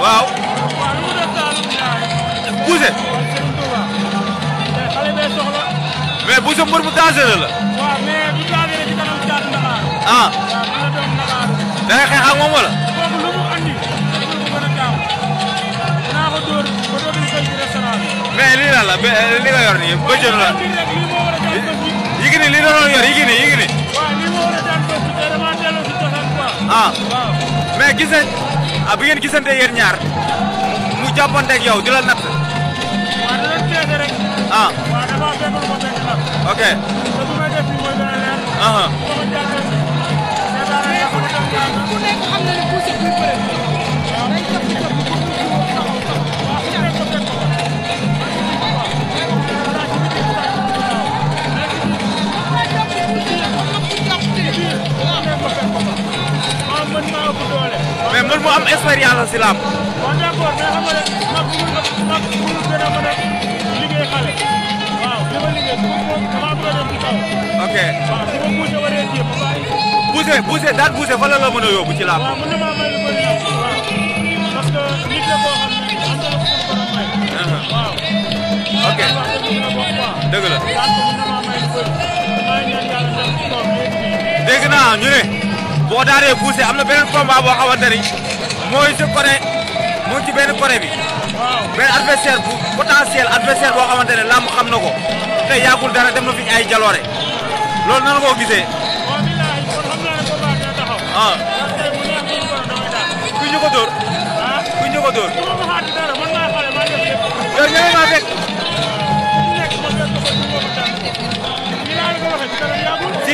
waaw. Boucher. mais Boucher mbër mu dangereux la. waaw ah bi ngeen gisante yéen ñaar mu jàppanteeg yow di la mu am expérience si làmb. bon d'accord mais xam nga rek mag bu ñu mag bu liggéey xale. waaw li ma liggéey su ma la la na maa may lu bëri làmb waaw parce xam ne am na a ñu ne boo daanee poussé am na beneen combat boo xamante ni. mooy si côté mu ci benn côté bi. benn adversaire bu potentiel adversaire boo xamante ne làmb xam na ko te yàggul dara dem na ay jaloore loolu nan koo gisee. waaw bilaay kon xam naa ne ko dóor. ko loolu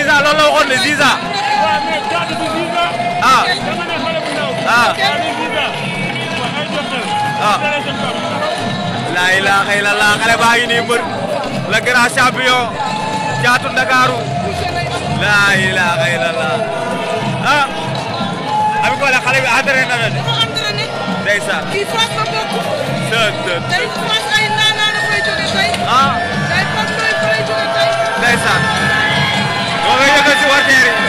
la ne Ziza. ah. ah. ah. laa ilaaha illallah xale baa ngi nii mbër la grand champion caatu Ndakaaru laa ilaaha illallah ah. Ami Collé xale bi entraîné na la de. ndeysaan. ah. ndeysaan. boo koy yëgal si warteer yi.